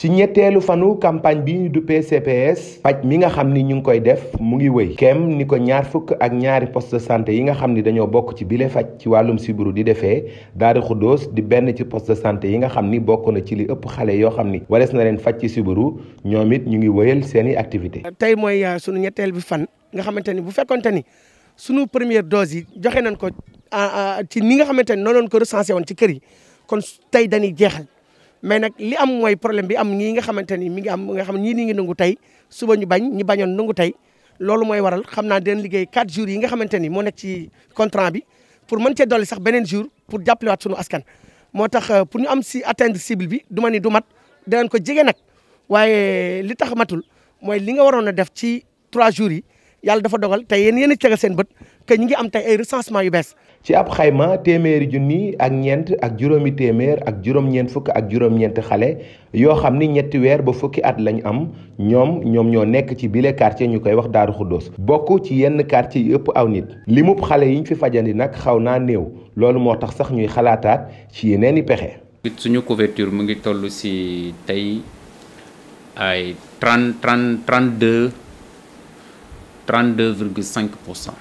ci ñetteelu fanu campagne bi ñu duppee CPS paj mi nga xam ni ñu ngi koy def mu ngi wéy kem ni ko ñaar fukk ak ñaari poste de santé yi nga xam ni dañoo bokk ci bile faj ci wàllum sibiru di defee Daaru Xuddoos di benn ci poste de santé yi nga xam ni bokk na ci li ëpp xale yoo xam ni warees na leen faj ci sibiru ñoom it ñu ngi wéyal seeni activité tey mooy euh, sunu ñetteel bi fan nga xamante ni bu fekkonte ni sunu première dose yi joxe nañ ko euh, euh, ci ni nga xamante ni noonu ko recensé woon ci kër yi kon tey dañuy jeexal mais nag li am mooy problème bi am ñii nga xamante ni mi ngi am nga xam ni nii ngi nangu tey suba ñu bañ ñu bañoon nangu tey loolu mooy waral xam naa dinañ liggéey 4 jours yi nga xamante ni moo nekk ci contrat bi pour mën cee dolli sax beneen jour pour jàppalewaat sunu askan. moo tax euh, pour ñu am si atteindre cible bi du ma ni du mat danañ ko jege nag waaye li tax matul mooy li nga waroon a def ci trois jours yi. yàlla dafa dogal te yéen yéen a seen bët que ñu ngi am tey ay recensement yu bees. ci ab xayma téeméeri junni ak ñeent ak juróomi téeméer ak juróom-ñeent fukk ak juróom-ñeent xale yoo xam ni ñetti weer ba fukki at lañu am ñoom ñoom ñoo nekk ci bile quartier ñu koy wax Daaru Xuddoos bokk ci yenn quartier yi ëpp aw nit limub xale yiñ fi fajandi nag xaw naa néew loolu moo tax sax ñuy xalaataat ci yeneen i pexe. suñu couverture mu ngi toll si tey ay 32 virgule 5 pour cent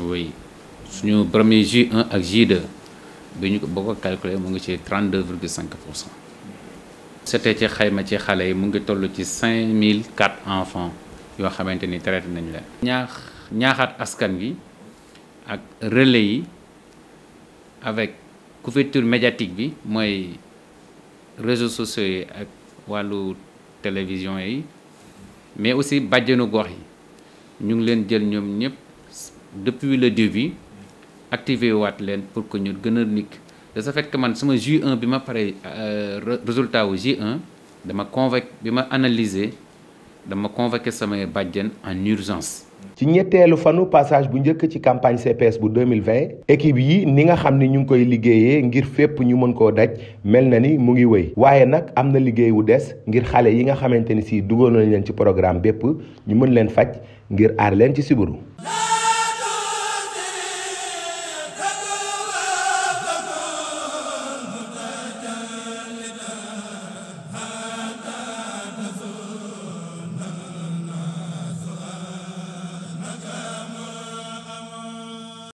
oui suñu premier jui en ak J2 ko boo ko calculé mu ngi ci 32 virgule 5 pour cent c'était ci xayma ci xale yi mu ngi toll ci 5004 enfants yoo xamante ni traité nañ leen ñaax ñaaxaat askan gi ak relais yi avec couverture médiatique bi mooy réseaux sociaux yi ak wàllu télévision yi mais aussi bàjjenu gox yi ñu ngi leen jël ñoom ñëpp depuis le bi activé waat leen pour que ñu gën a nikk de ce fait que man sama J1 bi ma pare euh, résultat wu J1 dama convoqué bi ma analyser dama convoqué samay bàjjen en urgence. ci ñetteelu fanu passage bu njëkk ci campagne CPS bu 2020 équipe yi ni nga xam ni ñu ngi koy liggéeyee ngir fépp ñu mën koo daj mel na ni mu ngi wéy waaye nag am na liggéey wu des ngir xale yi nga xamante ni si duggoon nañ leen ci programme bépp ñu mën leen faj ngir aar leen ci sibiru